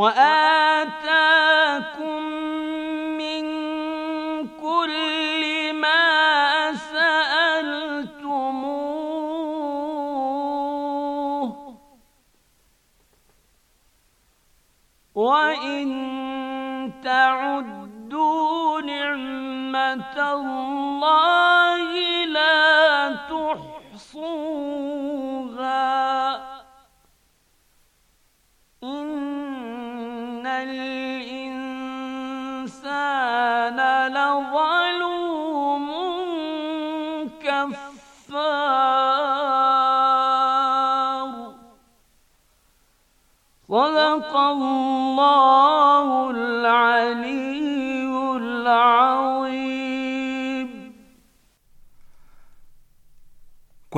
وآل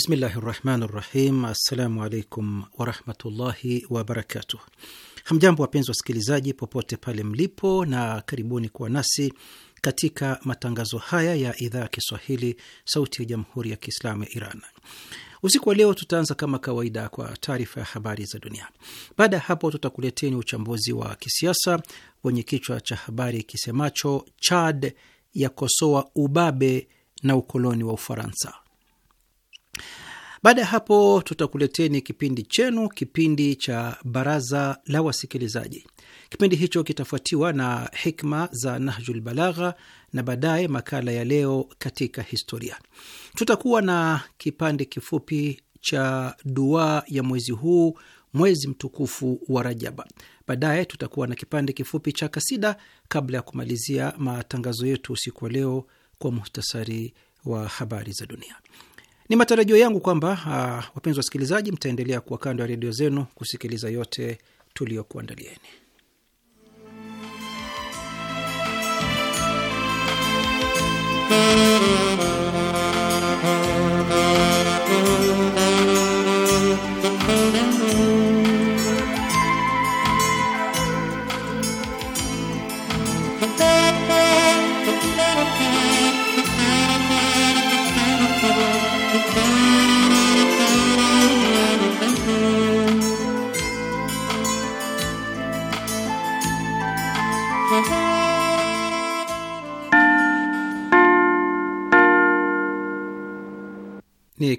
Bismillahi rahmani rahim. Assalamu alaikum warahmatullahi wabarakatuh. Hamjambo wapenzi wasikilizaji popote pale mlipo, na karibuni kuwa nasi katika matangazo haya ya idhaa ya Kiswahili sauti ya jamhuri ya Kiislamu ya Iran. Usiku wa leo tutaanza kama kawaida kwa taarifa ya habari za dunia. Baada ya hapo, tutakuleteni uchambuzi wa kisiasa wenye kichwa cha habari kisemacho Chad yakosoa ubabe na ukoloni wa Ufaransa. Baada ya hapo, tutakuleteni kipindi chenu, kipindi cha baraza la wasikilizaji. Kipindi hicho kitafuatiwa na hikma za Nahjul Balagha na baadaye makala ya leo katika historia. Tutakuwa na kipande kifupi cha dua ya mwezi huu, mwezi mtukufu wa Rajaba. Baadaye tutakuwa na kipande kifupi cha kasida kabla ya kumalizia matangazo yetu usiku wa leo kwa muhtasari wa habari za dunia. Ni matarajio yangu kwamba uh, wapenzi wasikilizaji, mtaendelea kuwa kando ya redio zenu kusikiliza yote tuliyokuandalieni.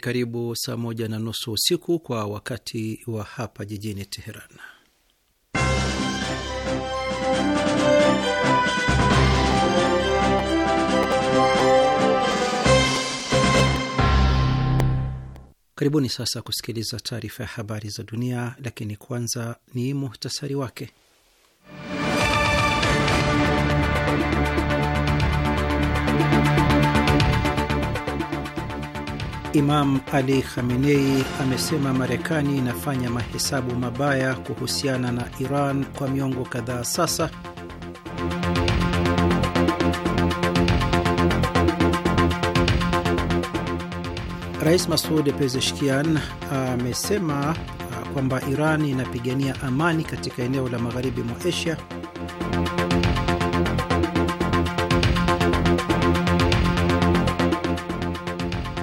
karibu saa moja na nusu usiku kwa wakati wa hapa jijini Teheran. Karibuni sasa kusikiliza taarifa ya habari za dunia, lakini kwanza ni muhtasari wake. Imam Ali Khamenei amesema Marekani inafanya mahesabu mabaya kuhusiana na Iran kwa miongo kadhaa sasa. Rais masud Pezeshkian amesema uh, kwamba Iran inapigania amani katika eneo la magharibi mwa Asia.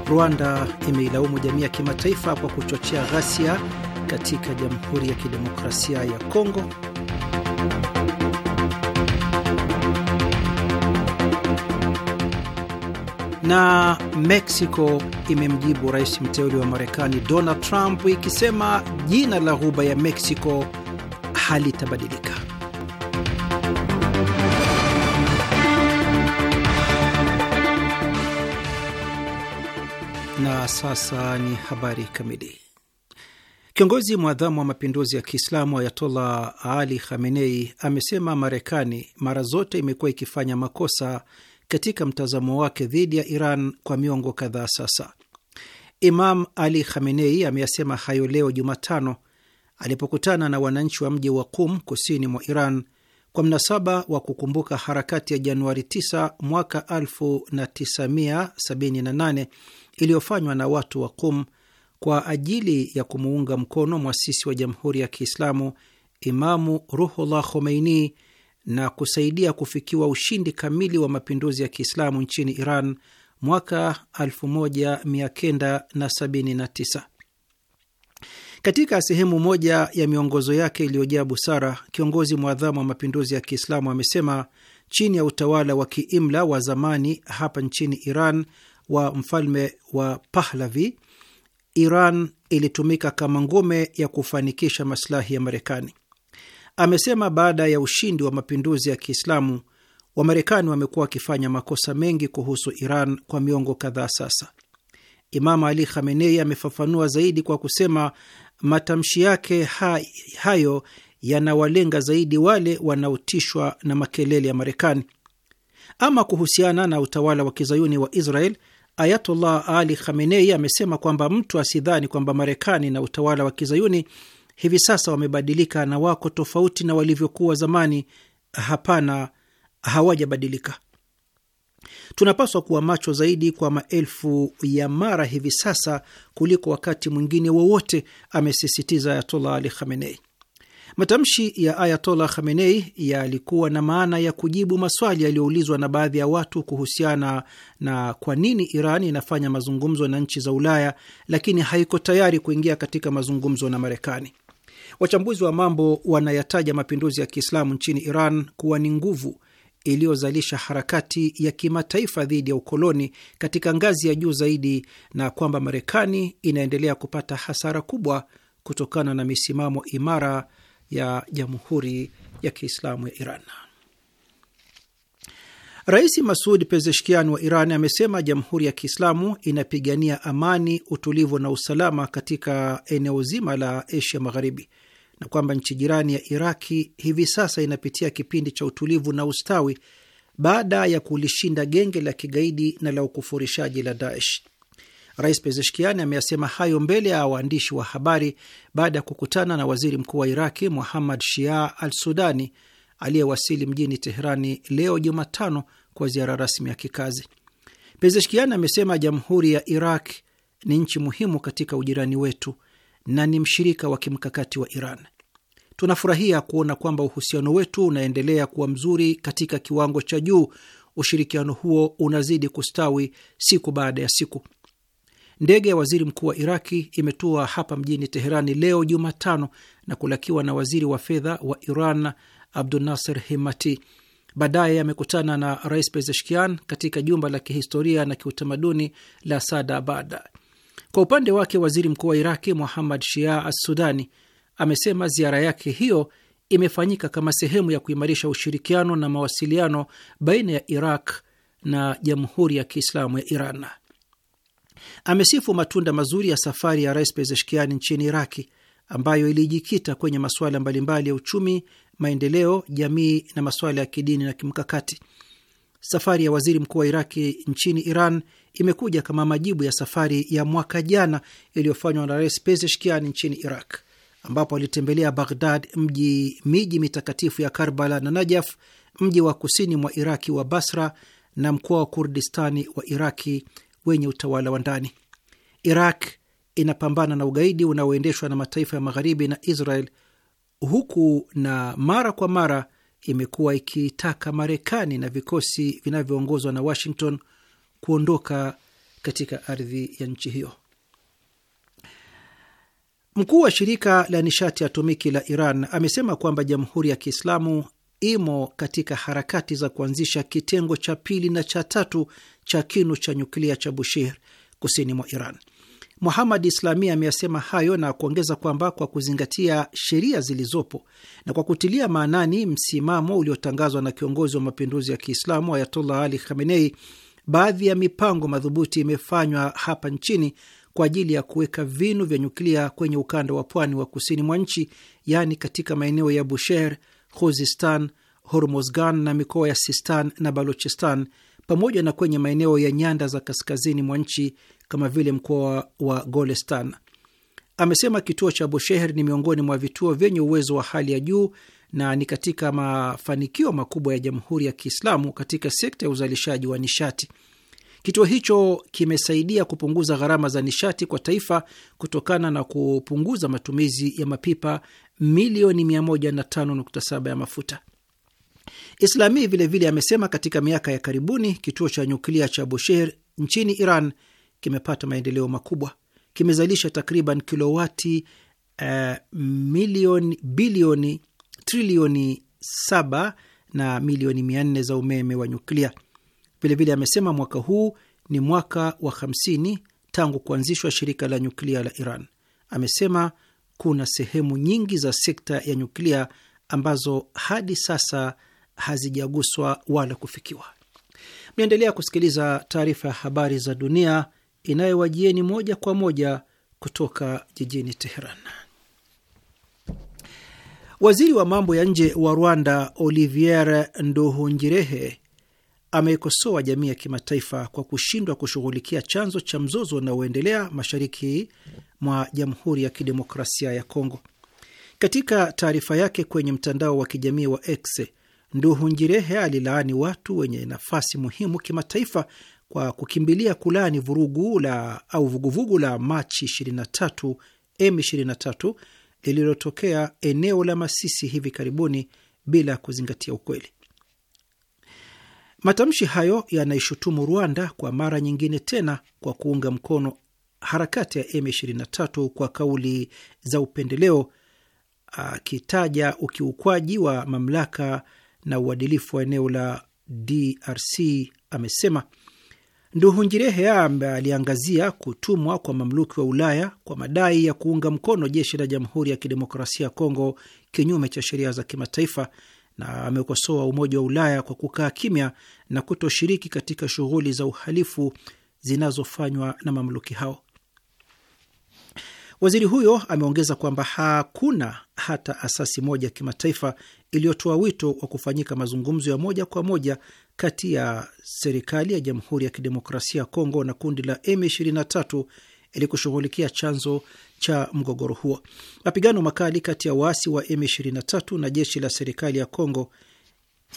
Rwanda imeilaumu jamii ya kimataifa kwa kuchochea ghasia katika Jamhuri ya Kidemokrasia ya Kongo. Na Mexico imemjibu rais mteuli wa Marekani Donald Trump ikisema jina la ghuba ya Mexico halitabadilika. sasa ni habari kamili. Kiongozi mwadhamu wa mapinduzi ya Kiislamu Ayatollah Ali Khamenei amesema Marekani mara zote imekuwa ikifanya makosa katika mtazamo wake dhidi ya Iran kwa miongo kadhaa sasa. Imam Ali Khamenei ameyasema hayo leo Jumatano alipokutana na wananchi wa mji wa Kum kusini mwa Iran kwa mnasaba wa kukumbuka harakati ya Januari 9 mwaka 1978 iliyofanywa na watu wa Qum kwa ajili ya kumuunga mkono mwasisi wa Jamhuri ya Kiislamu Imamu Ruhullah Khomeini na kusaidia kufikiwa ushindi kamili wa mapinduzi ya Kiislamu nchini Iran mwaka 1979. Katika sehemu moja ya miongozo yake iliyojaa busara, kiongozi mwadhamu wa mapinduzi ya Kiislamu amesema chini ya utawala wa kiimla wa zamani hapa nchini Iran wa mfalme wa Pahlavi, Iran ilitumika kama ngome ya kufanikisha masilahi ya Marekani. Amesema baada ya ushindi wa mapinduzi ya Kiislamu, Wamarekani wamekuwa wakifanya makosa mengi kuhusu Iran kwa miongo kadhaa sasa. imamu Ali Khamenei amefafanua zaidi kwa kusema matamshi yake hayo yanawalenga zaidi wale wanaotishwa na makelele ya Marekani. Ama kuhusiana na utawala wa kizayuni wa Israel, Ayatullah Ali Khamenei amesema kwamba mtu asidhani kwamba Marekani na utawala wa kizayuni hivi sasa wamebadilika na wako tofauti na walivyokuwa zamani. Hapana, hawajabadilika. Tunapaswa kuwa macho zaidi kwa maelfu ya mara hivi sasa kuliko wakati mwingine wowote, amesisitiza Ayatullah Ali Khamenei. Matamshi ya Ayatollah Khamenei yalikuwa na maana ya kujibu maswali yaliyoulizwa na baadhi ya watu kuhusiana na kwa nini Iran inafanya mazungumzo na nchi za Ulaya lakini haiko tayari kuingia katika mazungumzo na Marekani. Wachambuzi wa mambo wanayataja mapinduzi ya Kiislamu nchini Iran kuwa ni nguvu iliyozalisha harakati ya kimataifa dhidi ya ukoloni katika ngazi ya juu zaidi na kwamba Marekani inaendelea kupata hasara kubwa kutokana na misimamo imara ya Jamhuri ya Kiislamu ya Iran. Rais Masud Pezeshkian wa Iran amesema Jamhuri ya Kiislamu inapigania amani, utulivu na usalama katika eneo zima la Asia Magharibi na kwamba nchi jirani ya Iraki hivi sasa inapitia kipindi cha utulivu na ustawi baada ya kulishinda genge la kigaidi na la ukufurishaji la Daesh. Rais Pezeshkiani ameyasema hayo mbele ya waandishi wa habari baada ya kukutana na waziri mkuu wa Iraki Muhammad Shia al Sudani aliyewasili mjini Teherani leo Jumatano kwa ziara rasmi ya kikazi. Pezeshkiani amesema jamhuri ya Iraq ni nchi muhimu katika ujirani wetu na ni mshirika wa kimkakati wa Iran. Tunafurahia kuona kwamba uhusiano wetu unaendelea kuwa mzuri katika kiwango cha juu. Ushirikiano huo unazidi kustawi siku baada ya siku. Ndege ya waziri mkuu wa Iraki imetua hapa mjini Teherani leo Jumatano na kulakiwa na waziri wa fedha wa Iran Abdunasir Himati. Baadaye amekutana na rais Pezeshkian katika jumba la kihistoria na kiutamaduni la sada bada Kwa upande wake, waziri mkuu wa Iraki Muhammad Shia Assudani amesema ziara yake hiyo imefanyika kama sehemu ya kuimarisha ushirikiano na mawasiliano baina ya Iraq na Jamhuri ya Kiislamu ya Iran. Amesifu matunda mazuri ya safari ya Rais Pezeshkiani nchini Iraki ambayo ilijikita kwenye masuala mbalimbali ya uchumi, maendeleo, jamii na masuala ya kidini na kimkakati. Safari ya waziri mkuu wa Iraki nchini Iran imekuja kama majibu ya safari ya mwaka jana iliyofanywa na Rais pezeshkian nchini Iraq, ambapo alitembelea Baghdad, mji miji mitakatifu ya Karbala na Najaf, mji wa kusini mwa Iraki wa Basra na mkoa wa Kurdistani wa Iraki wenye utawala wa ndani. Iraq inapambana na ugaidi unaoendeshwa na mataifa ya magharibi na Israel, huku na mara kwa mara imekuwa ikitaka Marekani na vikosi vinavyoongozwa na Washington kuondoka katika ardhi ya nchi hiyo. Mkuu wa shirika la nishati atomiki la Iran amesema kwamba Jamhuri ya Kiislamu imo katika harakati za kuanzisha kitengo cha pili na cha tatu cha kinu cha nyuklia cha Bushehr kusini mwa Iran. Muhamad Islami ameyasema hayo na kuongeza kwamba kwa kuzingatia sheria zilizopo na kwa kutilia maanani msimamo uliotangazwa na kiongozi wa mapinduzi ya Kiislamu Ayatollah Ali Khamenei, baadhi ya mipango madhubuti imefanywa hapa nchini kwa ajili ya kuweka vinu vya nyuklia kwenye ukanda wa pwani wa kusini mwa nchi, yaani katika maeneo ya Bushehr, Khuzistan, Hormozgan na mikoa ya Sistan na Balochistan pamoja na kwenye maeneo ya nyanda za kaskazini mwa nchi kama vile mkoa wa Golestan. Amesema kituo cha Bushehr ni miongoni mwa vituo vyenye uwezo wa hali ya juu na ni katika mafanikio makubwa ya Jamhuri ya Kiislamu katika sekta ya uzalishaji wa nishati. Kituo hicho kimesaidia kupunguza gharama za nishati kwa taifa kutokana na kupunguza matumizi ya mapipa milioni 105.7 ya mafuta. Islami vilevile amesema katika miaka ya karibuni kituo cha nyuklia cha Bushehr nchini Iran kimepata maendeleo makubwa. Kimezalisha takriban kilowati uh, eh, milioni bilioni trilioni saba na milioni mia nne za umeme wa nyuklia. Vilevile amesema mwaka huu ni mwaka wa 50 tangu kuanzishwa shirika la nyuklia la Iran. Amesema kuna sehemu nyingi za sekta ya nyuklia ambazo hadi sasa hazijaguswa wala kufikiwa. Mnaendelea kusikiliza taarifa ya habari za dunia inayowajieni moja kwa moja kutoka jijini Teheran. Waziri wa mambo ya nje wa Rwanda Olivier Nduhungirehe ameikosoa jamii ya kimataifa kwa kushindwa kushughulikia chanzo cha mzozo unaoendelea mashariki mwa Jamhuri ya Kidemokrasia ya Kongo. Katika taarifa yake kwenye mtandao wa kijamii wa X, Nduhungirehe alilaani watu wenye nafasi muhimu kimataifa kwa kukimbilia kulaani vurugu la au vuguvugu la Machi 23 M23 lililotokea eneo la Masisi hivi karibuni bila kuzingatia ukweli. Matamshi hayo yanaishutumu Rwanda kwa mara nyingine tena kwa kuunga mkono harakati ya M23 kwa kauli za upendeleo, akitaja ukiukwaji wa mamlaka na uadilifu wa eneo la DRC amesema Nduhungirehe aliangazia kutumwa kwa mamluki wa Ulaya kwa madai ya kuunga mkono jeshi la Jamhuri ya Kidemokrasia ya Kongo kinyume cha sheria za kimataifa na amekosoa Umoja wa Ulaya kwa kukaa kimya na kutoshiriki katika shughuli za uhalifu zinazofanywa na mamluki hao. Waziri huyo ameongeza kwamba hakuna hata asasi moja ya kimataifa iliyotoa wito wa kufanyika mazungumzo ya moja kwa moja kati ya serikali ya Jamhuri ya Kidemokrasia ya Kongo na kundi la M23 ili kushughulikia chanzo cha mgogoro huo. Mapigano makali kati ya waasi wa M23 na jeshi la serikali ya Kongo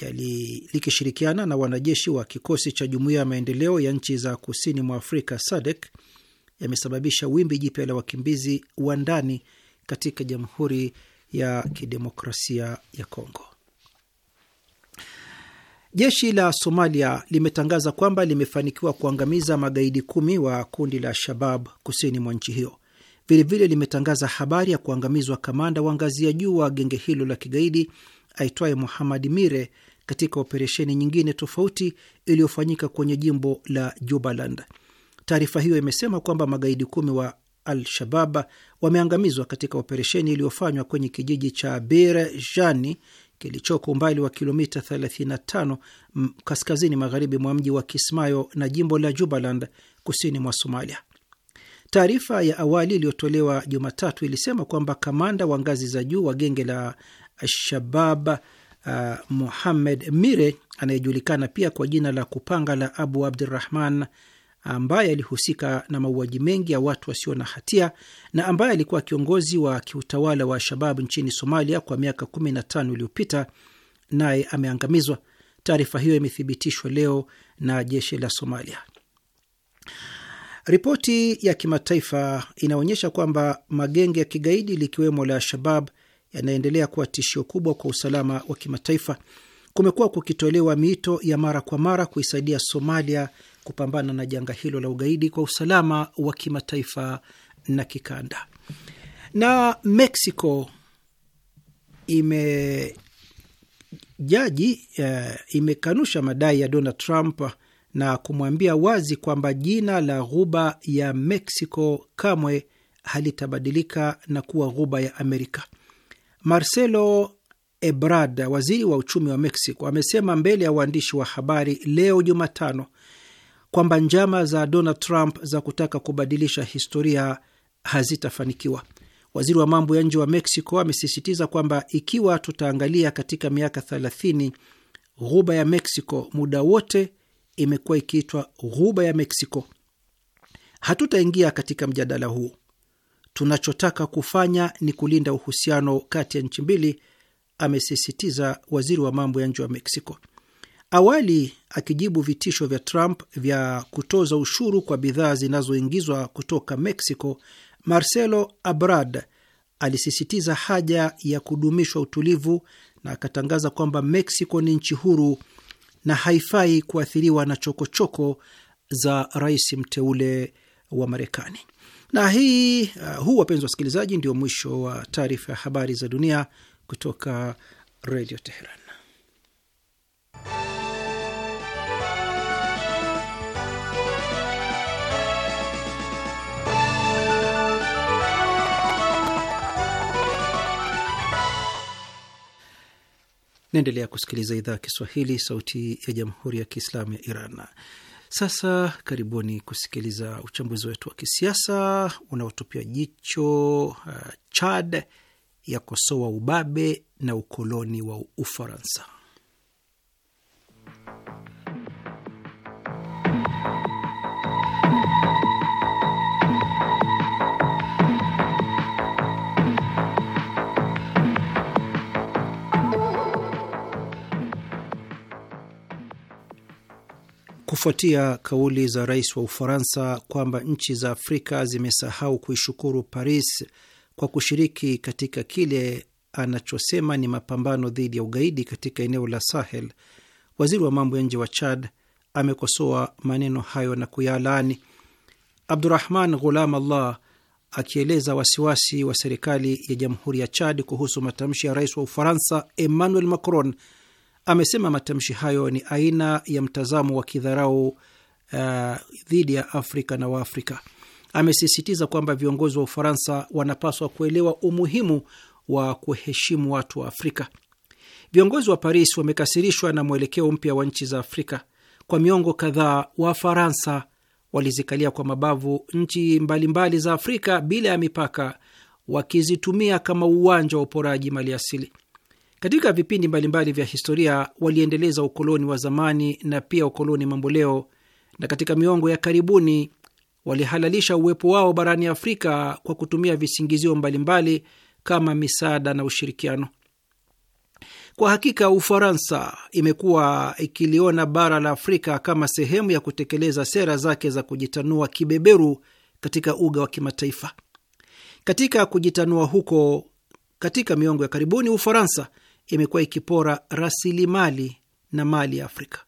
yali likishirikiana na wanajeshi wa kikosi cha Jumuiya ya Maendeleo ya Nchi za Kusini mwa Afrika SADC yamesababisha wimbi jipya la wakimbizi wa ndani katika Jamhuri ya Kidemokrasia ya Kongo. Jeshi la Somalia limetangaza kwamba limefanikiwa kuangamiza magaidi kumi wa kundi la Shabab kusini mwa nchi hiyo. Vilevile limetangaza habari ya kuangamizwa kamanda wa ngazi ya juu wa genge hilo la kigaidi aitwaye Muhamad Mire katika operesheni nyingine tofauti iliyofanyika kwenye jimbo la Jubaland. Taarifa hiyo imesema kwamba magaidi kumi wa Al-Shabab wameangamizwa katika operesheni iliyofanywa kwenye kijiji cha Bir Jani kilichoko umbali wa kilomita 35 kaskazini magharibi mwa mji wa Kismayo na jimbo la Jubaland kusini mwa Somalia. Taarifa ya awali iliyotolewa Jumatatu ilisema kwamba kamanda wa ngazi za juu wa genge la Shabab uh, Muhamed Mire anayejulikana pia kwa jina la kupanga la Abu Abdurahman ambaye alihusika na mauaji mengi ya watu wasio na hatia na ambaye alikuwa kiongozi wa kiutawala wa Shabab nchini Somalia kwa miaka 15 iliyopita, naye ameangamizwa. Taarifa hiyo imethibitishwa leo na jeshi la Somalia. Ripoti ya kimataifa inaonyesha kwamba magenge ya kigaidi likiwemo la Shabab yanaendelea kuwa tishio kubwa kwa usalama wa kimataifa kumekuwa kukitolewa miito ya mara kwa mara kuisaidia Somalia kupambana na janga hilo la ugaidi kwa usalama wa kimataifa na kikanda. Na Mexico ime jaji uh, eh, imekanusha madai ya Donald Trump na kumwambia wazi kwamba jina la ghuba ya Mexico kamwe halitabadilika na kuwa ghuba ya Amerika. Marcelo Ebrard, waziri wa uchumi wa Mexico, amesema mbele ya waandishi wa habari leo Jumatano kwamba njama za Donald Trump za kutaka kubadilisha historia hazitafanikiwa. Waziri wa mambo ya nje wa Mexico amesisitiza kwamba ikiwa tutaangalia katika miaka 30, ghuba ya Mexico muda wote imekuwa ikiitwa ghuba ya Mexico. Hatutaingia katika mjadala huu. Tunachotaka kufanya ni kulinda uhusiano kati ya nchi mbili amesisitiza waziri wa mambo ya nje wa Mexico. Awali akijibu vitisho vya Trump vya kutoza ushuru kwa bidhaa zinazoingizwa kutoka mexico Marcelo Abrad alisisitiza haja ya kudumishwa utulivu na akatangaza kwamba Mexico ni nchi huru na haifai kuathiriwa na chokochoko choko za rais mteule wa Marekani. Na hii uh, huu, wapenzi wasikilizaji, ndio mwisho wa taarifa ya habari za dunia kutoka Redio Teheran. Naendelea kusikiliza idhaa ya Kiswahili, sauti ya jamhuri ya kiislamu ya Iran. Sasa karibuni kusikiliza uchambuzi wetu wa kisiasa unaotupia jicho uh, Chad yakosoa ubabe na ukoloni wa Ufaransa. Kufuatia kauli za rais wa Ufaransa kwamba nchi za Afrika zimesahau kuishukuru Paris kwa kushiriki katika kile anachosema ni mapambano dhidi ya ugaidi katika eneo la Sahel. Waziri wa mambo ya nje wa Chad amekosoa maneno hayo na kuyalaani. Abdurahman Ghulam Allah akieleza wasiwasi wa serikali ya jamhuri ya Chad kuhusu matamshi ya rais wa Ufaransa Emmanuel Macron amesema matamshi hayo ni aina ya mtazamo wa kidharau uh, dhidi ya Afrika na Waafrika amesisitiza kwamba viongozi wa Ufaransa wanapaswa kuelewa umuhimu wa kuheshimu watu wa Afrika. Viongozi wa Paris wamekasirishwa na mwelekeo mpya wa nchi za Afrika. Kwa miongo kadhaa, Wafaransa walizikalia kwa mabavu nchi mbalimbali mbali za Afrika bila ya mipaka, wakizitumia kama uwanja wa uporaji maliasili. Katika vipindi mbalimbali vya historia waliendeleza ukoloni wa zamani na pia ukoloni mamboleo, na katika miongo ya karibuni walihalalisha uwepo wao barani Afrika kwa kutumia visingizio mbalimbali kama misaada na ushirikiano. Kwa hakika Ufaransa imekuwa ikiliona bara la Afrika kama sehemu ya kutekeleza sera zake za kujitanua kibeberu katika uga wa kimataifa. Katika kujitanua huko, katika miongo ya karibuni, Ufaransa imekuwa ikipora rasilimali na mali ya Afrika.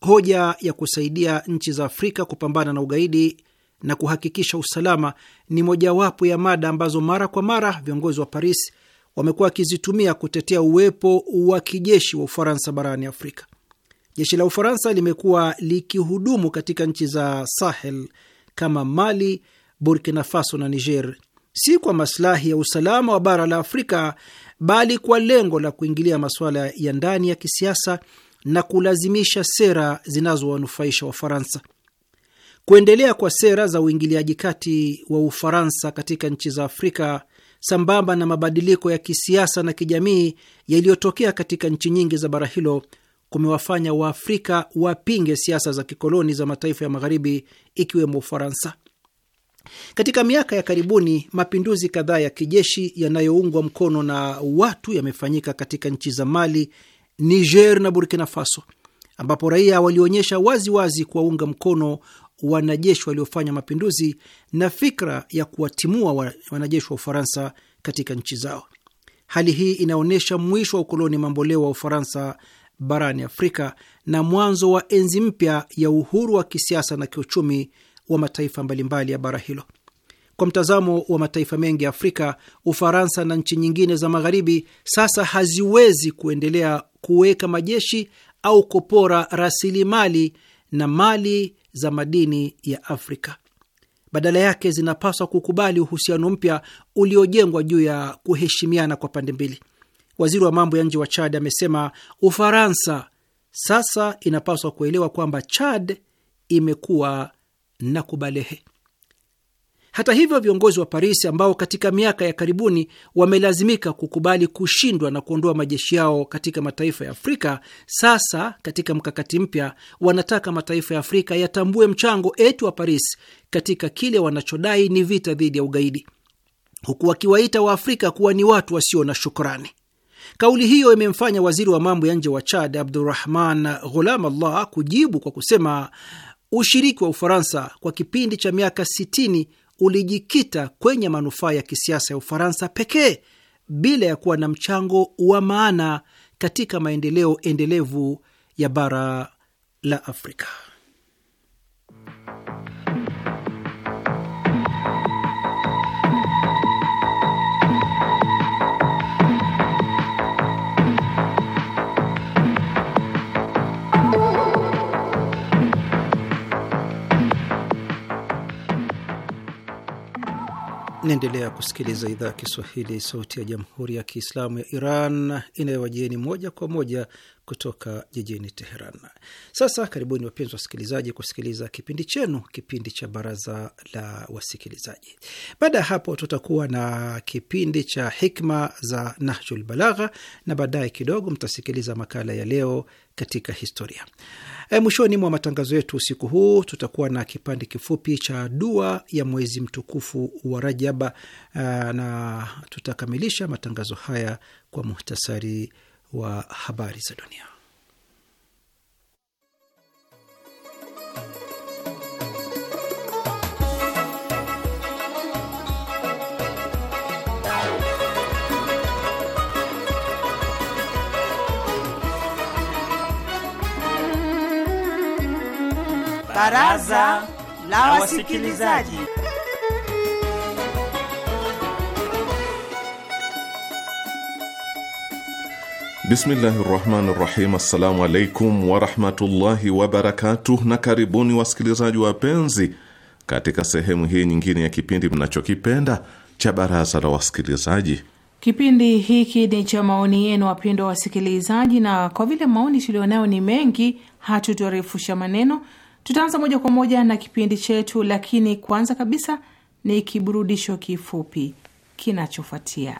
Hoja ya kusaidia nchi za Afrika kupambana na ugaidi na kuhakikisha usalama ni mojawapo ya mada ambazo mara kwa mara viongozi wa Paris wamekuwa wakizitumia kutetea uwepo wa kijeshi wa Ufaransa barani Afrika. Jeshi la Ufaransa limekuwa likihudumu katika nchi za Sahel kama Mali, Burkina Faso na Niger, si kwa masilahi ya usalama wa bara la Afrika, bali kwa lengo la kuingilia masuala ya ndani ya kisiasa na kulazimisha sera zinazowanufaisha Wafaransa. Kuendelea kwa sera za uingiliaji kati wa Ufaransa katika nchi za Afrika sambamba na mabadiliko ya kisiasa na kijamii yaliyotokea katika nchi nyingi za bara hilo kumewafanya Waafrika wapinge siasa za kikoloni za mataifa ya Magharibi, ikiwemo Ufaransa. Katika miaka ya karibuni, mapinduzi kadhaa ya kijeshi yanayoungwa mkono na watu yamefanyika katika nchi za Mali, Niger na Burkina Faso, ambapo raia walionyesha wazi wazi kuwaunga mkono wanajeshi waliofanya mapinduzi na fikra ya kuwatimua wanajeshi wa Ufaransa katika nchi zao. Hali hii inaonyesha mwisho wa ukoloni mamboleo wa Ufaransa barani Afrika na mwanzo wa enzi mpya ya uhuru wa kisiasa na kiuchumi wa mataifa mbalimbali ya bara hilo. Kwa mtazamo wa mataifa mengi ya Afrika, Ufaransa na nchi nyingine za Magharibi sasa haziwezi kuendelea kuweka majeshi au kupora rasilimali na mali za madini ya Afrika. Badala yake zinapaswa kukubali uhusiano mpya uliojengwa juu ya kuheshimiana kwa pande mbili. Waziri wa mambo ya nje wa Chad amesema Ufaransa sasa inapaswa kuelewa kwamba Chad imekuwa na kubalehe. Hata hivyo, viongozi wa Paris ambao katika miaka ya karibuni wamelazimika kukubali kushindwa na kuondoa majeshi yao katika mataifa ya Afrika, sasa katika mkakati mpya wanataka mataifa ya Afrika yatambue mchango eti wa Paris katika kile wanachodai ni vita dhidi ya ugaidi, huku wakiwaita Waafrika kuwa ni watu wasio na shukrani. Kauli hiyo imemfanya waziri wa mambo ya nje wa Chad Abdurahman Ghulam Allah kujibu kwa kusema ushiriki wa Ufaransa kwa kipindi cha miaka ulijikita kwenye manufaa ya kisiasa ya Ufaransa pekee bila ya kuwa na mchango wa maana katika maendeleo endelevu ya bara la Afrika. Naendelea kusikiliza idhaa ya Kiswahili, sauti ya jamhuri ya kiislamu ya Iran inayowajieni moja kwa moja kutoka jijini Teheran. Sasa karibuni wapenzi wasikilizaji, kusikiliza kipindi chenu, kipindi cha baraza la wasikilizaji. Baada ya hapo, tutakuwa na kipindi cha hikma za Nahjul Balagha na baadaye kidogo mtasikiliza makala ya leo katika historia. E, mwishoni mwa matangazo yetu usiku huu tutakuwa na kipande kifupi cha dua ya mwezi mtukufu wa Rajaba e, na tutakamilisha matangazo haya kwa muhtasari wa habari za dunia. Baraza la Wasikilizaji. Bismillahi rahmani rahim. Assalamu alaikum warahmatullahi wabarakatuh, na karibuni wasikilizaji wapenzi katika sehemu hii nyingine ya kipindi mnachokipenda cha baraza la wasikilizaji. Kipindi hiki ni cha maoni yenu, wapendwa wa wasikilizaji, na kwa vile maoni tulionayo ni mengi, hatutorefusha maneno, tutaanza moja kwa moja na kipindi chetu, lakini kwanza kabisa ni kiburudisho kifupi kinachofuatia.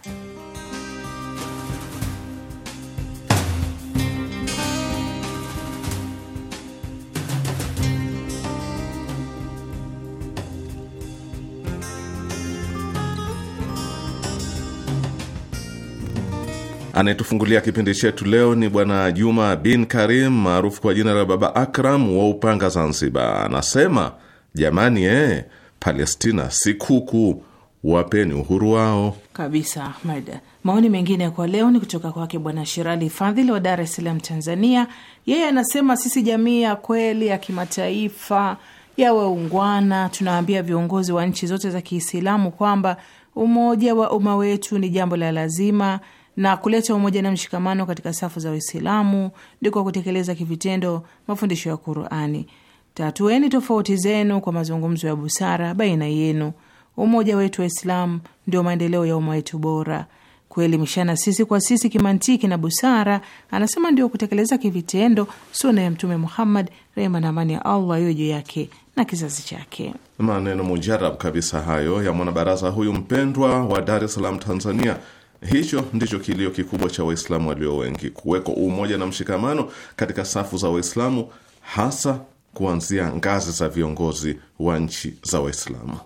Anayetufungulia kipindi chetu leo ni Bwana Juma bin Karim maarufu kwa jina la Baba Akram wa Upanga, Zanzibar. Anasema jamani, eh, Palestina si kuku, wapeni uhuru wao kabisa. Ahmed, maoni mengine kwa leo ni kutoka kwake Bwana Shirali Fadhili wa Dar es Salaam, Tanzania. Yeye anasema sisi jamii ya kweli ya kimataifa ya waungwana tunawaambia viongozi wa nchi zote za Kiislamu kwamba umoja wa umma wetu ni jambo la lazima na kuleta umoja na mshikamano katika safu za Waislamu ni kwa kutekeleza kivitendo mafundisho ya Qurani. Tatueni tofauti zenu kwa mazungumzo ya busara baina yenu. Umoja wetu Waislamu ndio maendeleo ya umma wetu bora. Kuelimishana sisi kwa sisi kimantiki na busara, anasema ndio kutekeleza kivitendo suna ya Mtume Muhammad, rehma na amani ya Allah iwe juu yake na kizazi chake. Maneno mujarab kabisa hayo ya mwanabaraza huyu mpendwa wa Dar es Salaam, Tanzania, Hicho ndicho kilio kikubwa cha Waislamu walio wengi, kuweko umoja na mshikamano katika safu za Waislamu, hasa kuanzia ngazi za viongozi wa nchi za Waislamu.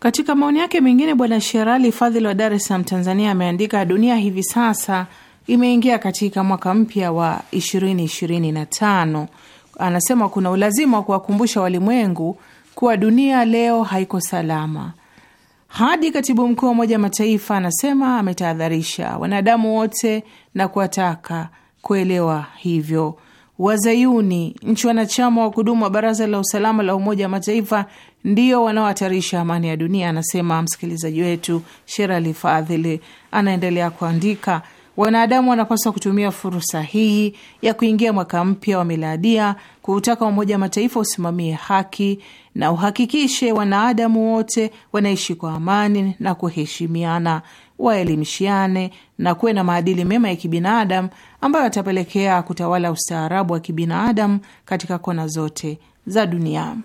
Katika maoni yake mengine, Bwana Sherali Fadhili wa Dar es Salaam, Tanzania, ameandika dunia hivi sasa imeingia katika mwaka mpya wa 2025. Anasema kuna ulazima wa kuwakumbusha walimwengu kuwa dunia leo haiko salama hadi katibu mkuu wa Umoja Mataifa anasema ametahadharisha wanadamu wote na kuwataka kuelewa hivyo. Wazayuni, nchi wanachama wa kudumu wa Baraza la Usalama la Umoja wa Mataifa, ndio wanaohatarisha amani ya dunia, anasema msikilizaji wetu Sherali Fadhili. Anaendelea kuandika, Wanadamu wanapaswa kutumia fursa hii ya kuingia mwaka mpya wa miladia kuutaka Umoja wa Mataifa usimamie haki na uhakikishe wanadamu wote wanaishi kwa amani na kuheshimiana, waelimishiane na kuwe na maadili mema ya kibinadamu ambayo yatapelekea kutawala ustaarabu wa kibinadamu katika kona zote za dunia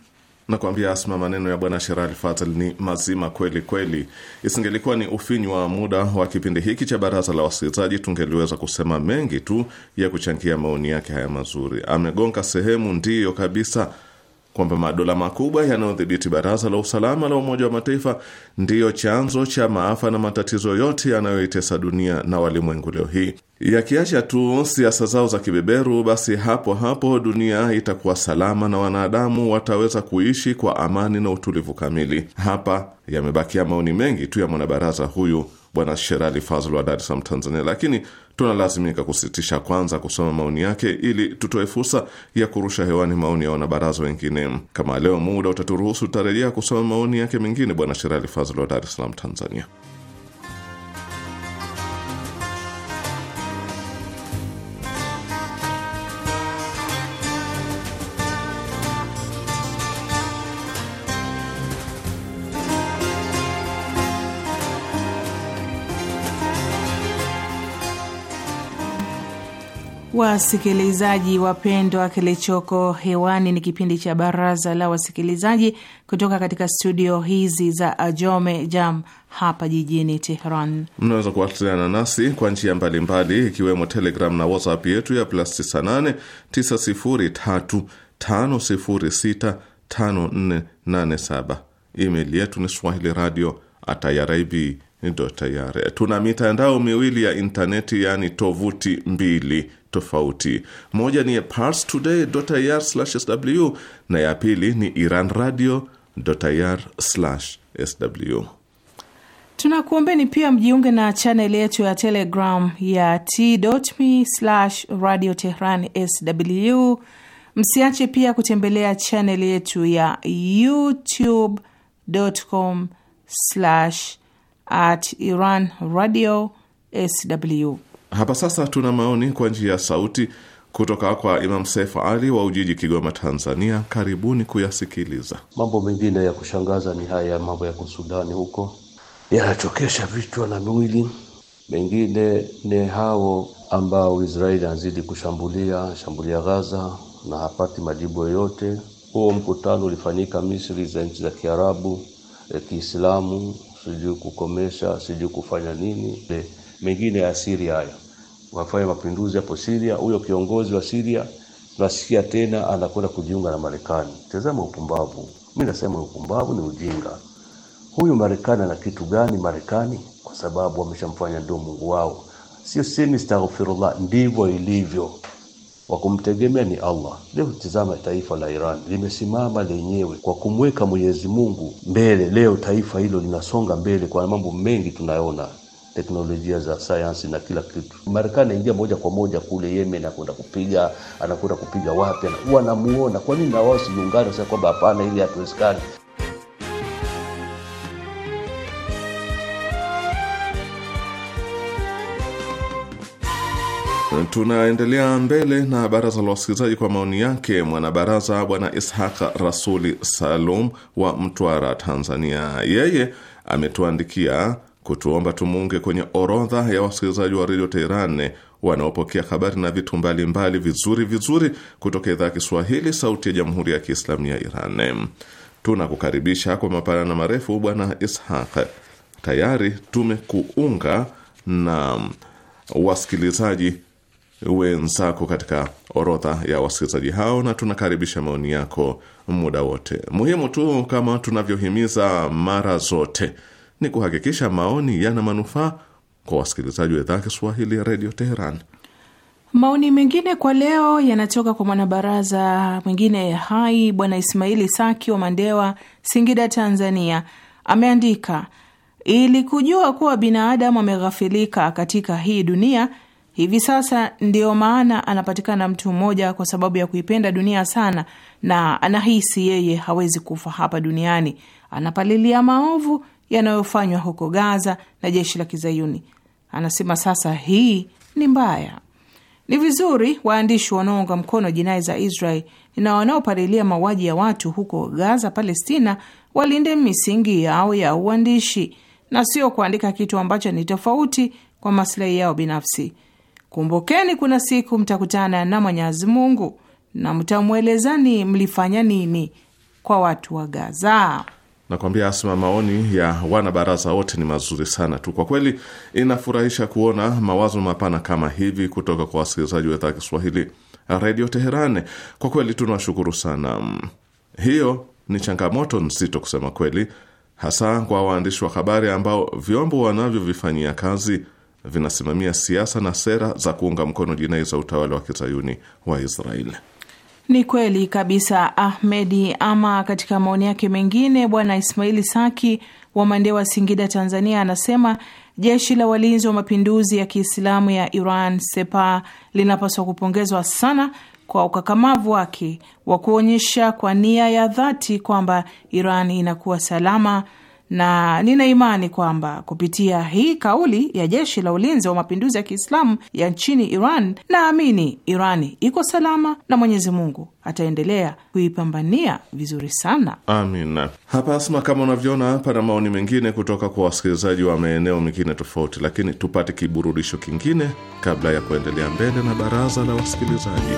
nakuambia Asma, maneno ya bwana Sherali Fazl ni mazima kweli kweli. Isingelikuwa ni ufinyu wa muda wa kipindi hiki cha baraza la wasikilizaji, tungeliweza kusema mengi tu ya kuchangia maoni yake haya mazuri. Amegonga sehemu ndiyo kabisa kwamba madola makubwa yanayodhibiti Baraza la Usalama la Umoja wa Mataifa ndiyo chanzo cha maafa na matatizo yote yanayoitesa dunia na walimwengu leo hii. Yakiacha tu siasa zao za kibeberu, basi hapo hapo dunia itakuwa salama na wanadamu wataweza kuishi kwa amani na utulivu kamili. Hapa yamebakia maoni mengi tu ya mwanabaraza huyu Bwana Sherali Fazl wa Dar es Salaam, Tanzania, lakini tunalazimika kusitisha kwanza kusoma maoni yake ili tutoe fursa ya kurusha hewani maoni ya wanabaraza wengine. Kama leo muda utaturuhusu, tutarejea kusoma maoni yake mengine. Bwana Sherali Fazl wa Dar es Salaam, Tanzania. Wasikilizaji wapendwa, kilichoko hewani ni kipindi cha baraza la wasikilizaji kutoka katika studio hizi za Ajome Jam hapa jijini Tehran. Mnaweza kuwasiliana nasi kwa njia mbalimbali, ikiwemo Telegram na WhatsApp yetu ya plus 98 903 Email yetu ni swahili radio atayaraibi Tuna mitandao miwili ya intaneti, yaani tovuti mbili tofauti. Moja ni parstoday.ir/sw na ya pili ni iranradio.ir/sw. Tunakuombeni pia mjiunge na chaneli yetu ya Telegram ya t.me/radio tehran sw. Msiache pia kutembelea chaneli yetu ya youtube.com/at iran radio sw. Hapa sasa tuna maoni kwa njia ya sauti kutoka kwa Imam Saif Ali wa Ujiji, Kigoma, Tanzania. Karibuni kuyasikiliza. Mambo mengine ya kushangaza ni haya mambo ya kusudani huko, yanachokesha vichwa na miwili Mengine ni hao ambao Israeli anazidi kushambulia shambulia Gaza na hapati majibu yoyote. Huo mkutano ulifanyika Misri za nchi za Kiarabu, eh, Kiislamu, sijui kukomesha, sijui kufanya nini mengine ya Syria haya. Wafanya mapinduzi hapo Syria, huyo kiongozi wa Syria nasikia tena anakwenda kujiunga na Marekani. Tazama upumbavu. Mimi nasema upumbavu ni ujinga. Huyu Marekani ana kitu gani Marekani? Kwa sababu wameshamfanya ndio Mungu wao. Sio semi astaghfirullah, ndivyo ilivyo. Wa kumtegemea ni Allah. Leo tazama taifa la Iran limesimama lenyewe kwa kumweka Mwenyezi Mungu mbele. Leo taifa hilo linasonga mbele kwa mambo mengi tunayoona teknolojia za sayansi na kila kitu. Marekani aingia moja kwa moja kule Yemen, anakwenda kupiga anakwenda kupiga wapi, anakuwa namuona. Kwa nini na wao siungane sasa kwamba hapana, ili hatuwezekani? Tunaendelea mbele na baraza la wasikilizaji kwa maoni yake mwanabaraza Bwana Ishaq Rasuli Salum wa Mtwara, Tanzania. Yeye ametuandikia kutuomba tumuunge kwenye orodha ya wasikilizaji wa redio Teheran wanaopokea habari na vitu mbalimbali mbali vizuri vizuri kutoka idhaa ya Kiswahili sauti ya jamhuri ya kiislamu ya Iran. Tunakukaribisha kwa mapana na marefu, Bwana Ishaq. Tayari tumekuunga na wasikilizaji wenzako katika orodha ya wasikilizaji hao, na tunakaribisha maoni yako muda wote. Muhimu tu kama tunavyohimiza mara zote ni kuhakikisha maoni yana manufaa kwa wasikilizaji wa idhaa Kiswahili ya Redio Teheran. Maoni mengine kwa leo yanatoka kwa mwanabaraza mwingine hai Bwana Ismaili Saki wa Mandewa, Singida, Tanzania. Ameandika, ili kujua kuwa binadamu ameghafilika katika hii dunia hivi sasa, ndiyo maana anapatikana mtu mmoja kwa sababu ya kuipenda dunia sana, na anahisi yeye hawezi kufa hapa duniani, anapalilia maovu yanayofanywa huko Gaza na jeshi la Kizayuni. Anasema sasa hii ni mbaya. Ni vizuri waandishi wanaounga mkono jinai za Israel na wanaopalilia mauaji ya watu huko Gaza, Palestina, walinde misingi yao ya uandishi na sio kuandika kitu ambacho ni tofauti kwa masilahi yao binafsi. Kumbukeni, kuna siku mtakutana na Mwenyezi Mungu na mtamwelezani mlifanya nini kwa watu wa Gaza. Nakwambia Asma, maoni ya wanabaraza wote ni mazuri sana tu kwa kweli. Inafurahisha kuona mawazo mapana kama hivi kutoka kwa wasikilizaji wa idhaa Kiswahili Redio Teheran. Kwa kweli tunawashukuru sana. Hiyo ni changamoto nzito kusema kweli, hasa kwa waandishi wa habari ambao vyombo wanavyovifanyia kazi vinasimamia siasa na sera za kuunga mkono jinai za utawala wa kizayuni wa Israeli. Ni kweli kabisa Ahmedi. Ama katika maoni yake mengine, bwana Ismaili Saki wa ya Singida, Tanzania, anasema jeshi la walinzi wa mapinduzi ya Kiislamu ya Iran Sepa linapaswa kupongezwa sana kwa ukakamavu wake wa kuonyesha kwa nia ya dhati kwamba Iran inakuwa salama na nina imani kwamba kupitia hii kauli ya jeshi la ulinzi wa mapinduzi ya Kiislamu ya nchini Iran, naamini Irani iko salama na Mwenyezi Mungu ataendelea kuipambania vizuri sana. Amina. Hapa Asma, kama unavyoona, pana maoni mengine kutoka kwa wasikilizaji wa maeneo mengine tofauti, lakini tupate kiburudisho kingine kabla ya kuendelea mbele na baraza la wasikilizaji.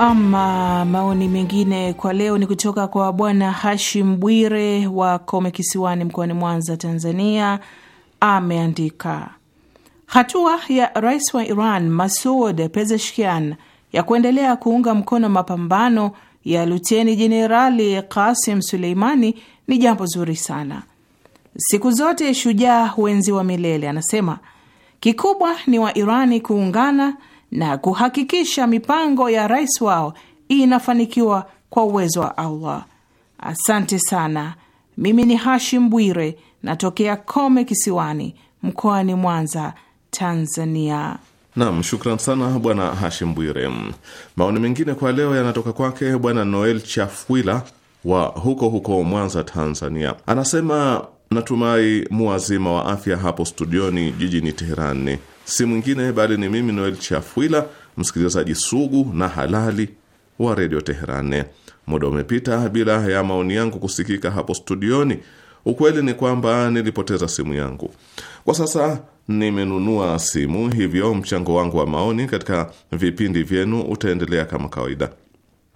Ama maoni mengine kwa leo ni kutoka kwa Bwana Hashim Bwire wa Kome Kisiwani, mkoani Mwanza, Tanzania. Ameandika, hatua ya rais wa Iran Masud Pezeshkian ya kuendelea kuunga mkono mapambano ya luteni jenerali Kasim Suleimani ni jambo zuri sana. Siku zote shujaa huenziwa milele, anasema. Kikubwa ni wa Irani kuungana na kuhakikisha mipango ya rais wao inafanikiwa kwa uwezo wa Allah. Asante sana. Mimi ni Hashim Bwire, natokea Kome Kisiwani, mkoani Mwanza, Tanzania. Nam, shukran sana bwana Hashim Bwire. Maoni mengine kwa leo yanatoka kwake bwana Noel Chafwila wa huko huko Mwanza, Tanzania. Anasema, natumai muwazima wa afya hapo studioni jijini Teherani si mwingine bali ni mimi Noel Chafwila, msikilizaji sugu na halali wa redio Teheran. Muda umepita bila ya maoni yangu kusikika hapo studioni. Ukweli ni kwamba nilipoteza simu yangu. Kwa sasa nimenunua simu, hivyo mchango wangu wa maoni katika vipindi vyenu utaendelea kama kawaida.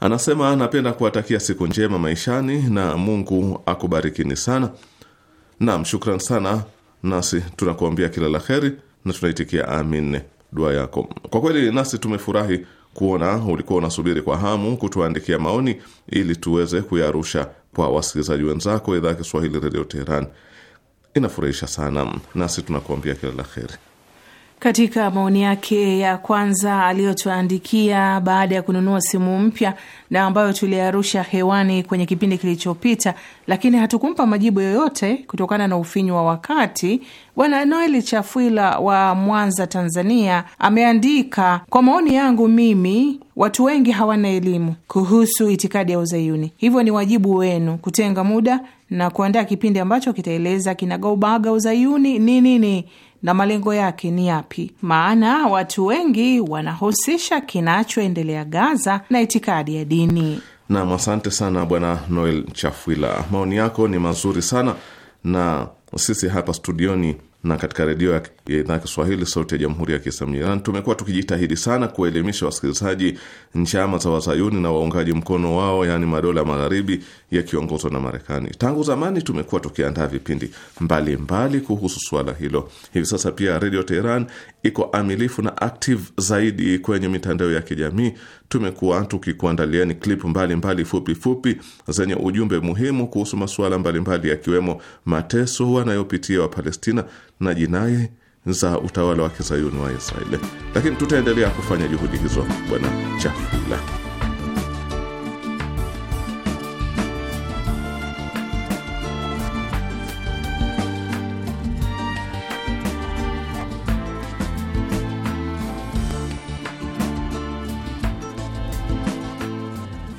Anasema anapenda kuwatakia siku njema maishani na Mungu akubarikini sana. Naam, shukran sana, nasi tunakuambia kila la heri na tunaitikia amin dua yako. Kwa kweli nasi tumefurahi kuona ulikuwa unasubiri kwa hamu kutuandikia maoni ili tuweze kuyarusha kwa wasikilizaji wenzako. Idhaa ya Kiswahili Redio Teheran inafurahisha sana, nasi tunakuambia kila la heri. Katika maoni yake ya kwanza aliyotuandikia baada ya kununua simu mpya na ambayo tuliarusha hewani kwenye kipindi kilichopita, lakini hatukumpa majibu yoyote kutokana na ufinyu wa wakati, Bwana Noeli Chafuila wa Mwanza, Tanzania, ameandika kwa maoni yangu mimi, watu wengi hawana elimu kuhusu itikadi ya Uzayuni, hivyo ni wajibu wenu kutenga muda na kuandaa kipindi ambacho kitaeleza kinagaubaga Uzayuni ni nini na malengo yake ni yapi? Maana watu wengi wanahusisha kinachoendelea Gaza na itikadi ya dini. Nam, asante sana Bwana Noel Chafwila, maoni yako ni mazuri sana na sisi hapa studioni na katika redio ya ya idhaa ya Kiswahili sauti ya jamhuri ya Kiislamu Iran, tumekuwa tukijitahidi sana kuwaelimisha wasikilizaji njama za wazayuni na waungaji mkono wao, yaani madola magharibi yakiongozwa na Marekani. Tangu zamani tumekuwa tukiandaa vipindi mbalimbali mbali kuhusu suala hilo. Hivi sasa pia Redio Teheran iko amilifu na active zaidi kwenye mitandao ya kijamii. Tumekuwa tukikuandaliani klipu mbalimbali fupifupi zenye ujumbe muhimu kuhusu masuala mbalimbali yakiwemo mateso wanayopitia Wapalestina na jinai za utawala wa kizayuni wa Israeli, lakini tutaendelea kufanya juhudi hizo, bwana Chafula.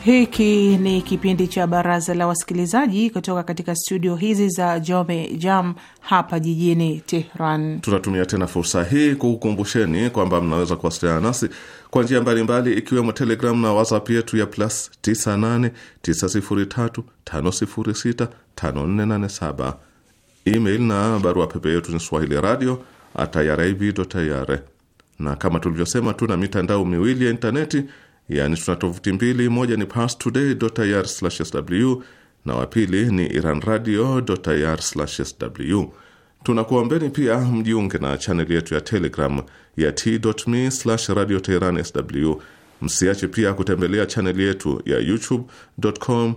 Hiki ni kipindi cha baraza la wasikilizaji kutoka katika studio hizi za Jome Jam hapa jijini Tehran. Tunatumia tena fursa hii kukukumbusheni kwamba mnaweza kuwasiliana nasi kwa njia mbalimbali ikiwemo Telegram na WhatsApp yetu ya plus 989035065487, email na barua pepe yetu ni swahili radio atayaraivitotayare, na kama tulivyosema, tuna mitandao miwili ya intaneti yani tuna tovuti mbili, moja ni pastoday.ir/sw na wapili ni iranradio.ir/sw. Tunakuombeni pia mjiunge na chaneli yetu ya Telegram ya t.me radio Teheran sw. Msiache pia kutembelea chaneli yetu ya youtube.com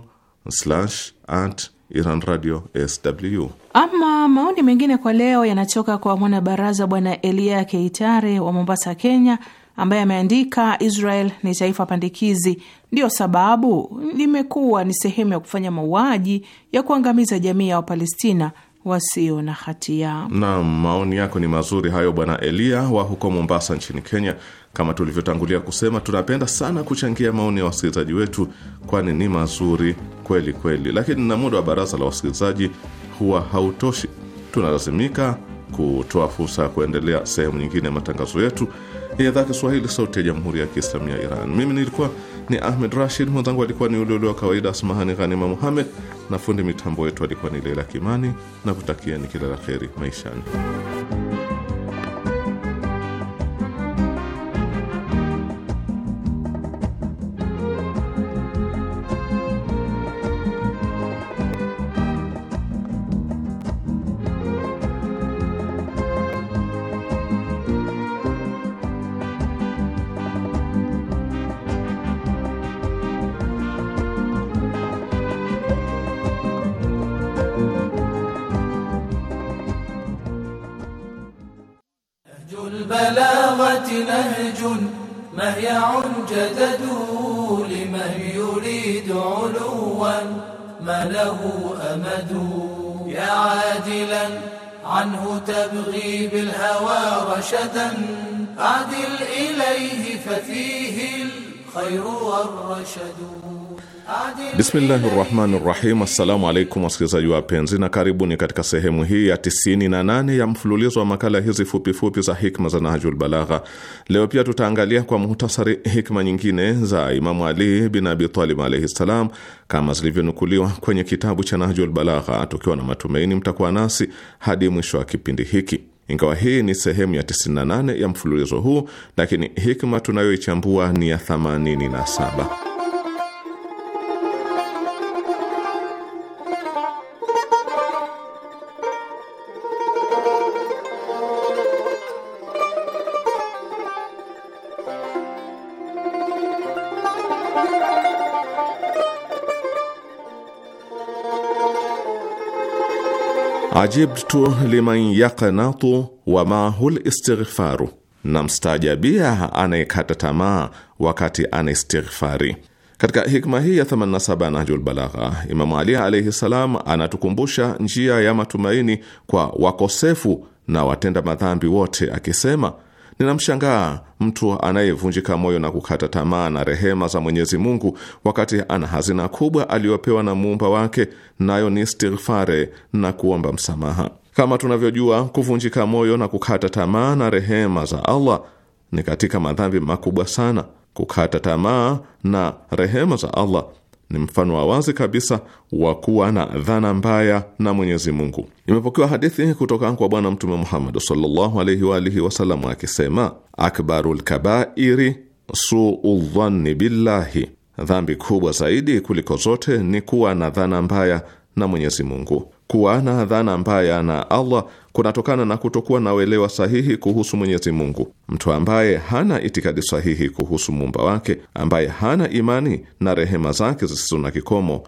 at Iran Radio SW. Ama maoni mengine kwa leo yanatoka kwa mwanabaraza Bwana Elia Keitare wa Mombasa, Kenya ambaye ameandika Israel ni taifa pandikizi, ndiyo sababu limekuwa ni sehemu ya kufanya mauaji ya kuangamiza jamii ya Wapalestina wasio na hatia. Naam, maoni yako ni mazuri hayo, Bwana Eliya wa huko Mombasa nchini Kenya. Kama tulivyotangulia kusema, tunapenda sana kuchangia maoni ya wasikilizaji wetu, kwani ni mazuri kweli kweli, lakini na muda wa baraza la wasikilizaji huwa hautoshi, tunalazimika kutoa fursa ya kuendelea sehemu nyingine ya matangazo yetu ya idhaa Kiswahili sauti ya jamhuri ya Kiislamu ya Iran. Mimi nilikuwa ni Ahmed Rashid, mwenzangu alikuwa ni uliuli wa kawaida Asmahani Ghanima Muhammed, na fundi mitambo wetu alikuwa ni Leila Kimani, na kutakia ni kila la kheri maishani. أمد يا عادلا عنه تبغي بالهوى رشدا أعدل إليه ففيه الخير والرشد Bismillahi rahmani rahim. Assalamu alaikum wasikilizaji wapenzi, na karibuni katika sehemu hii ya 98 ya mfululizo wa makala hizi fupifupi za hikma za Nahjul Balagha. Leo pia tutaangalia kwa muhtasari hikma nyingine za Imamu Ali bin Abi Talib alaihi ssalam, kama zilivyonukuliwa kwenye kitabu cha Nahjul Balagha, tukiwa na matumaini mtakuwa nasi hadi mwisho wa kipindi hiki. Ingawa hii ni sehemu ya 98 ya mfululizo huu, lakini hikma tunayoichambua ni ya 87. ajibtu liman yaqnatu wa mahul istighfaru, na mstajabia anayekata tamaa wakati anaistighfari. Katika hikma hii ya 87 Nahjul Balagha, Imamu Ali alaihi salam anatukumbusha njia ya matumaini kwa wakosefu na watenda madhambi wote akisema Ninamshangaa mtu anayevunjika moyo na kukata tamaa na rehema za Mwenyezi Mungu wakati ana hazina kubwa aliyopewa na muumba wake, nayo ni istighfare na kuomba msamaha. Kama tunavyojua, kuvunjika moyo na kukata tamaa na rehema za Allah ni katika madhambi makubwa sana. Kukata tamaa na rehema za Allah ni mfano wa wazi kabisa wa kuwa na dhana mbaya na Mwenyezi Mungu. Imepokewa hadithi kutoka kwa Bwana Mtume Muhammad sallallahu alaihi wa alihi wasallam akisema, akbarul kabairi suu ldhanni billahi, dhambi kubwa zaidi kuliko zote ni kuwa na dhana mbaya na Mwenyezi Mungu. Kuwa na dhana mbaya na Allah kunatokana na kutokuwa na uelewa sahihi kuhusu Mwenyezi Mungu. Mtu ambaye hana itikadi sahihi kuhusu muumba wake, ambaye hana imani na rehema zake zisizo na kikomo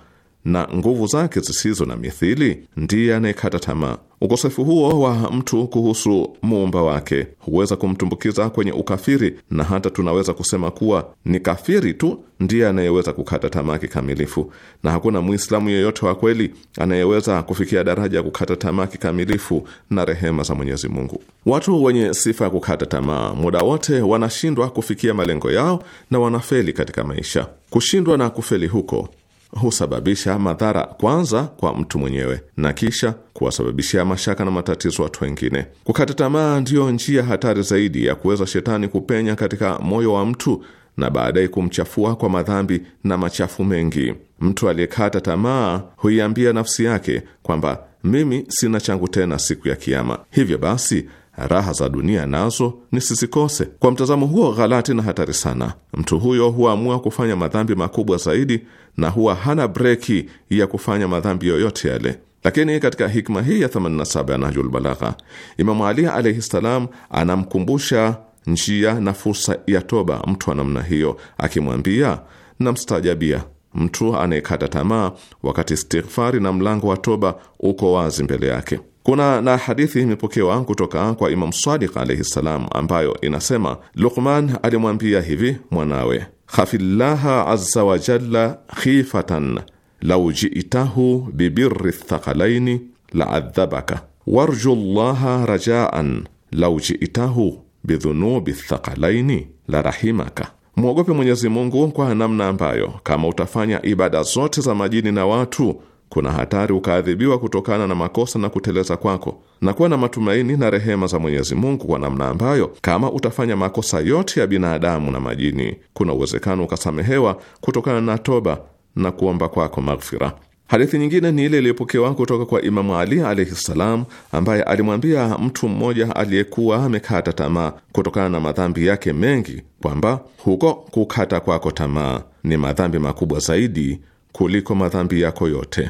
na nguvu zake zisizo na mithili, ndiye anayekata tamaa. Ukosefu huo wa mtu kuhusu muumba wake huweza kumtumbukiza kwenye ukafiri, na hata tunaweza kusema kuwa ni kafiri tu ndiye anayeweza kukata tamaa kikamilifu, na hakuna Muislamu yeyote wa kweli anayeweza kufikia daraja ya kukata tamaa kikamilifu na rehema za Mwenyezi Mungu. Watu wenye sifa ya kukata tamaa muda wote wanashindwa kufikia malengo yao na wanafeli katika maisha. Kushindwa na kufeli huko husababisha madhara kwanza kwa mtu mwenyewe na kisha kuwasababishia mashaka na matatizo watu wengine. Kukata tamaa ndiyo njia hatari zaidi ya kuweza shetani kupenya katika moyo wa mtu na baadaye kumchafua kwa madhambi na machafu mengi. Mtu aliyekata tamaa huiambia nafsi yake kwamba mimi sina changu tena siku ya Kiama, hivyo basi raha za dunia nazo nisizikose. Kwa mtazamo huo ghalati na hatari sana, mtu huyo huamua kufanya madhambi makubwa zaidi na huwa hana breki ya kufanya madhambi yoyote yale. Lakini katika hikma hii ya 87 ya Nahjul Balagha, Imamu Ali alaihi ssalam anamkumbusha njia na fursa ya toba mtu wa namna hiyo, akimwambia na mstajabia mtu anayekata tamaa wakati istighfari na mlango wa toba uko wazi mbele yake. Kuna na hadithi imepokewa kutoka kwa Imamu Sadiq alaihi ssalam ambayo inasema Luqman alimwambia hivi mwanawe khafillaha azza wa jalla khifatan lau jiitahu bibirri thaqalaini laadhabaka warju llaha rajaan lau jiitahu bidhunubi thaqalaini la rahimaka, mwogope Mwenyezi Mungu kwa namna ambayo kama utafanya ibada zote za majini na watu kuna hatari ukaadhibiwa kutokana na makosa na kuteleza kwako, na kuwa na matumaini na rehema za Mwenyezi Mungu, kwa namna ambayo kama utafanya makosa yote ya binadamu na majini, kuna uwezekano ukasamehewa kutokana na toba na kuomba kwako maghfira. Hadithi nyingine ni ile iliyopokewa kutoka kwa Imamu Ali alaihi ssalam, ambaye alimwambia mtu mmoja aliyekuwa amekata tamaa kutokana na madhambi yake mengi kwamba huko kukata kwako tamaa ni madhambi makubwa zaidi kuliko madhambi yako yote.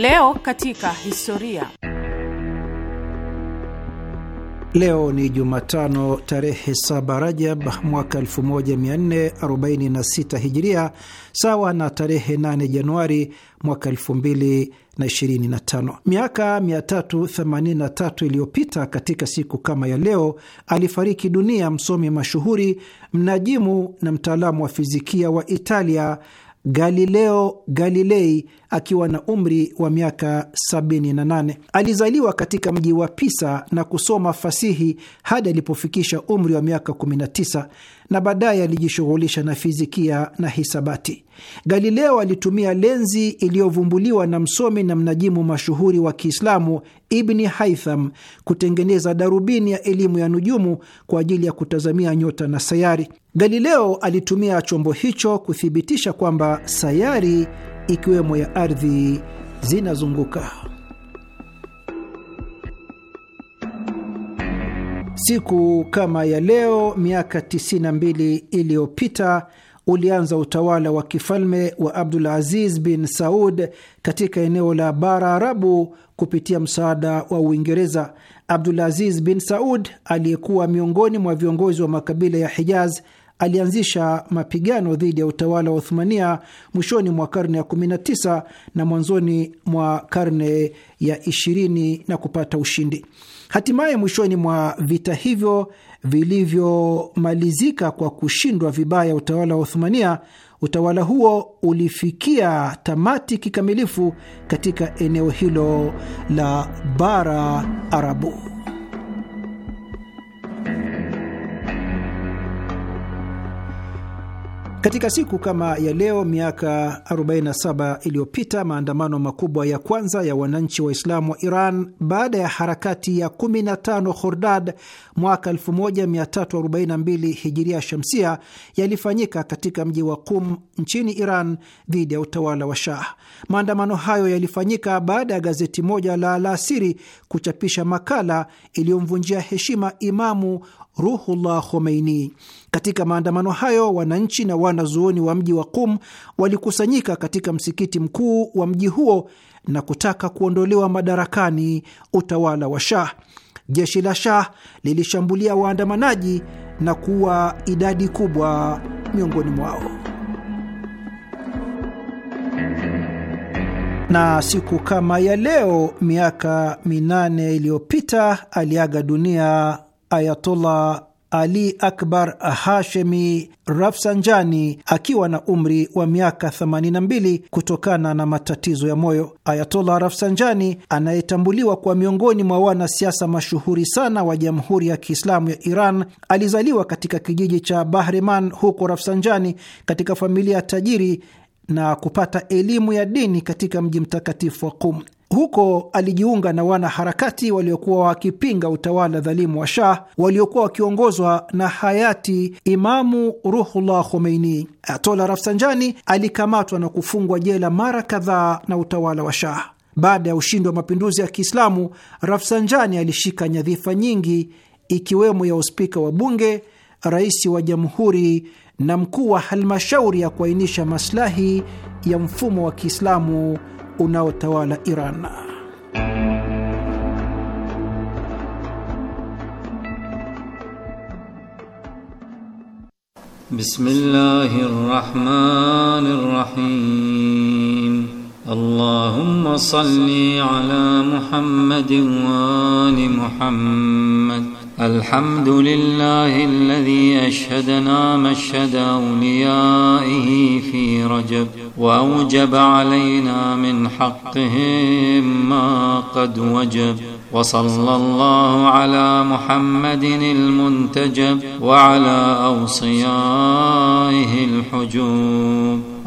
Leo katika historia. Leo ni Jumatano tarehe 7 Rajab mwaka 1446 Hijiria, sawa na tarehe 8 Januari mwaka 2025. Miaka 383 iliyopita katika siku kama ya leo alifariki dunia msomi mashuhuri, mnajimu na mtaalamu wa fizikia wa Italia Galileo Galilei akiwa na umri wa miaka 78. Alizaliwa katika mji wa Pisa na kusoma fasihi hadi alipofikisha umri wa miaka 19 na baadaye alijishughulisha na fizikia na hisabati. Galileo alitumia lenzi iliyovumbuliwa na msomi na mnajimu mashuhuri wa Kiislamu Ibni Haytham kutengeneza darubini ya elimu ya nujumu kwa ajili ya kutazamia nyota na sayari. Galileo alitumia chombo hicho kuthibitisha kwamba sayari ikiwemo ya ardhi zinazunguka. Siku kama ya leo miaka 92 iliyopita ulianza utawala wa kifalme wa Abdul Aziz bin Saud katika eneo la bara Arabu kupitia msaada wa Uingereza. Abdul Aziz bin Saud aliyekuwa miongoni mwa viongozi wa makabila ya Hijaz alianzisha mapigano dhidi ya utawala wa Uthmania mwishoni mwa karne ya 19 na mwanzoni mwa karne ya 20 na kupata ushindi. Hatimaye mwishoni mwa vita hivyo vilivyomalizika kwa kushindwa vibaya utawala wa Uthumania, utawala huo ulifikia tamati kikamilifu katika eneo hilo la bara Arabu. Katika siku kama ya leo miaka 47 iliyopita maandamano makubwa ya kwanza ya wananchi Waislamu wa Iran baada ya harakati ya 15 Khordad mwaka 1342 Hijiria Shamsia yalifanyika katika mji wa Qum nchini Iran dhidi ya utawala wa Shah. Maandamano hayo yalifanyika baada ya gazeti moja la alasiri kuchapisha makala iliyomvunjia heshima Imamu Ruhullah Khomeini. Katika maandamano hayo, wananchi na wanazuoni wa mji wa Qum walikusanyika katika msikiti mkuu wa mji huo na kutaka kuondolewa madarakani utawala wa Shah. Jeshi la Shah lilishambulia waandamanaji na kuwa idadi kubwa miongoni mwao. Na siku kama ya leo miaka minane iliyopita aliaga dunia Ayatollah ali Akbar Hashemi Rafsanjani akiwa na umri wa miaka 82 kutokana na matatizo ya moyo. Ayatollah Rafsanjani anayetambuliwa kwa miongoni mwa wanasiasa mashuhuri sana wa Jamhuri ya Kiislamu ya Iran alizaliwa katika kijiji cha Bahreman huko Rafsanjani katika familia ya tajiri na kupata elimu ya dini katika mji mtakatifu wa Qum. Huko alijiunga na wanaharakati waliokuwa wakipinga utawala dhalimu wa Shah waliokuwa wakiongozwa na hayati Imamu Ruhullah Khomeini. Atola Rafsanjani alikamatwa na kufungwa jela mara kadhaa na utawala wa Shah. Baada ya ushindi wa mapinduzi ya Kiislamu, Rafsanjani alishika nyadhifa nyingi ikiwemo ya uspika wa bunge, rais wa jamhuri na mkuu wa halmashauri ya kuainisha maslahi ya mfumo wa Kiislamu unaotawala Iran. بسم الله الرحمن الرحيم اللهم صل على محمد وآل محمد الحمد لله الذي أشهدنا مشهد أوليائه في رجب وأوجب علينا من حقهم ما قد وجب وصلى الله على محمد المنتجب وعلى أوصيائه الحجوب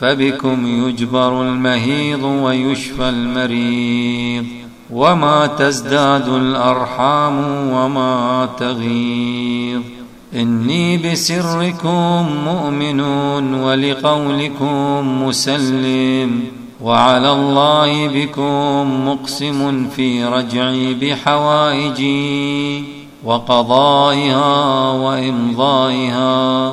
فبكم يجبر المهيض ويشفى المريض وما تزداد الأرحام وما تغيظ إني بسركم مؤمن ولقولكم مسلم وعلى الله بكم مقسم في رجعي بحوائجي وقضائها وإمضائها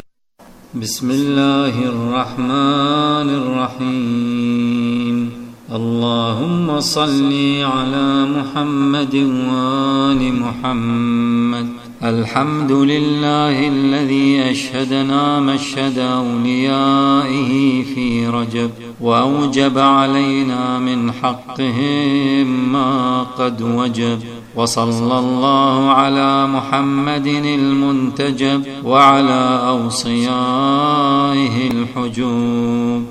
بسم الله الرحمن الرحيم اللهم صل على محمد وآل محمد الحمد لله الذي أشهدنا مشهد أوليائه في رجب وأوجب علينا من حقهم ما قد وجب وصلى الله على محمد المنتجب وعلى أوصيائه الحجوب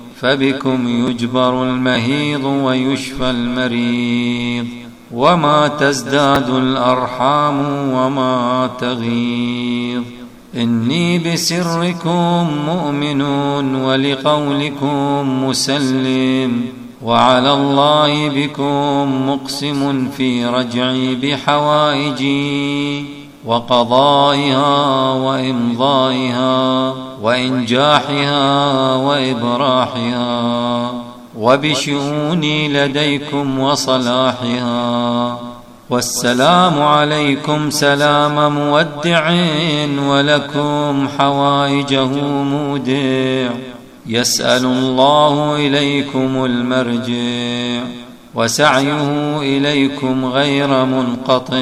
فبكم يجبر المهيض ويشفى المريض وما تزداد الارحام وما تغيض اني بسركم مؤمن ولقولكم مسلم وعلى الله بكم مقسم في رجعي بحوائجي وقضائها وامضائها وانجاحها وابراحها وبشؤوني لديكم وصلاحها والسلام عليكم سلام مودع ولكم حوائجه مودع يسال الله اليكم المرجع وسعيه اليكم غير منقطع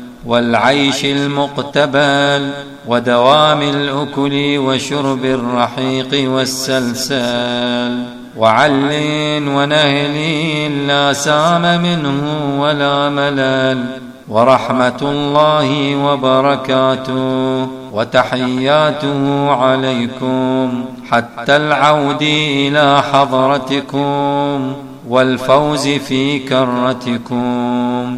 والعيش المقتبل ودوام الاكل وشرب الرحيق والسلسال وعل ونهل لا سام منه ولا ملال ورحمه الله وبركاته وتحياته عليكم حتى العود الى حضرتكم والفوز في كرتكم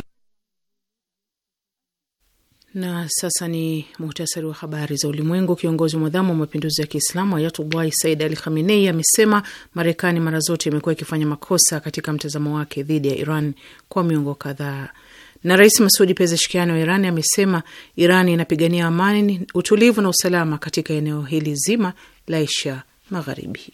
Na sasa ni muhtasari wa habari za ulimwengu. Kiongozi mwadhamu wa mapinduzi ya Kiislamu Ayatullahi Said Ali Khamenei amesema Marekani mara zote imekuwa ikifanya makosa katika mtazamo wake dhidi ya Iran kwa miongo kadhaa. Na Rais Masudi Pezeshkiani wa Iran amesema Iran inapigania amani, utulivu na usalama katika eneo hili zima la Asia Magharibi.